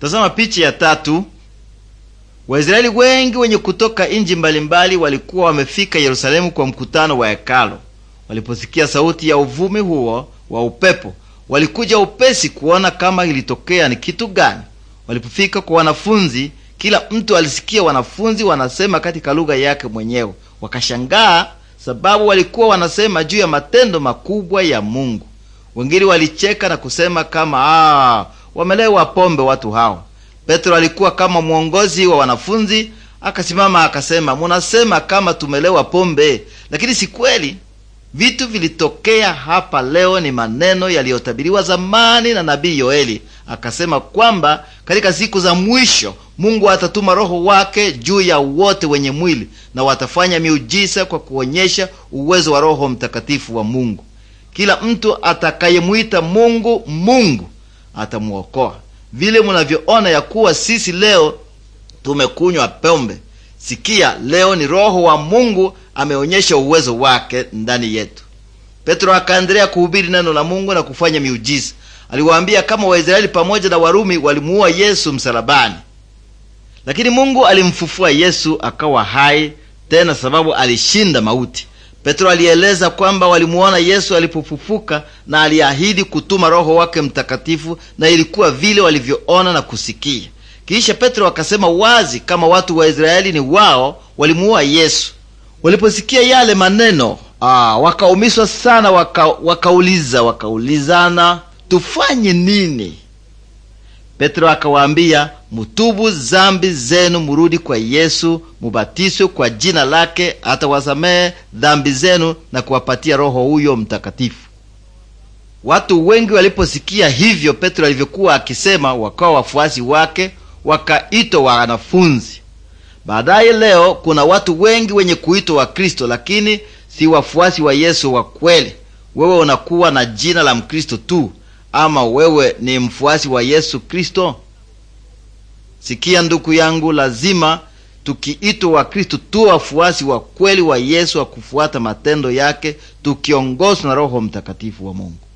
Tazama picha ya tatu. Waisraeli wengi wenye kutoka inji mbalimbali walikuwa wamefika Yerusalemu kwa mkutano wa hekalo. Waliposikia sauti ya uvumi huo wa upepo, walikuja upesi kuona kama ilitokea ni kitu gani. Walipofika kwa wanafunzi, kila mtu alisikia wanafunzi wanasema katika lugha yake mwenyewe, wakashangaa sababu walikuwa wanasema juu ya matendo makubwa ya Mungu. Wengine walicheka na kusema kama ah, wamelewa pombe watu hao. Petro alikuwa kama mwongozi wa wanafunzi, akasimama akasema, munasema kama tumelewa pombe, lakini si kweli. Vitu vilitokea hapa leo ni maneno yaliyotabiriwa zamani na nabii Yoeli, akasema kwamba katika siku za mwisho Mungu atatuma Roho wake juu ya wote wenye mwili, na watafanya miujiza kwa kuonyesha uwezo wa Roho Mtakatifu wa Mungu. Kila mtu atakayemwita Mungu Mungu atamuokoa. Vile mnavyoona ya kuwa sisi leo tumekunywa pombe, sikia, leo ni Roho wa Mungu ameonyesha uwezo wake ndani yetu. Petro akaendelea kuhubiri neno la Mungu na kufanya miujiza. Aliwaambia kama Waisraeli pamoja na Warumi walimuua Yesu msalabani, lakini Mungu alimfufua Yesu akawa hai tena, sababu alishinda mauti. Petro alieleza kwamba walimuona Yesu alipofufuka na aliahidi kutuma Roho wake Mtakatifu, na ilikuwa vile walivyoona na kusikia. Kisha Petro akasema wazi kama watu wa Israeli ni wao walimuua Yesu. Waliposikia yale maneno ah, wakaumiswa sana, waka, wakauliza wakaulizana, tufanye nini? Petro akawaambia, mutubu zambi zenu, murudi kwa Yesu, mubatiswe kwa jina lake, atawasamehe dhambi zenu na kuwapatia Roho huyo Mtakatifu. Watu wengi waliposikia hivyo Petro alivyokuwa akisema, wakawa wafuasi wake, wakaitwa wanafunzi. Baadaye leo kuna watu wengi wenye kuitwa Wakristo, lakini si wafuasi wa Yesu wa kweli. Wewe unakuwa na jina la Mkristo tu, ama wewe ni mfuasi wa Yesu Kristo? Sikia ndugu yangu, lazima tukiitwa wa Kristo tu wafuasi wa kweli wa Yesu, wa kufuata matendo yake, tukiongozwa na Roho Mtakatifu wa Mungu.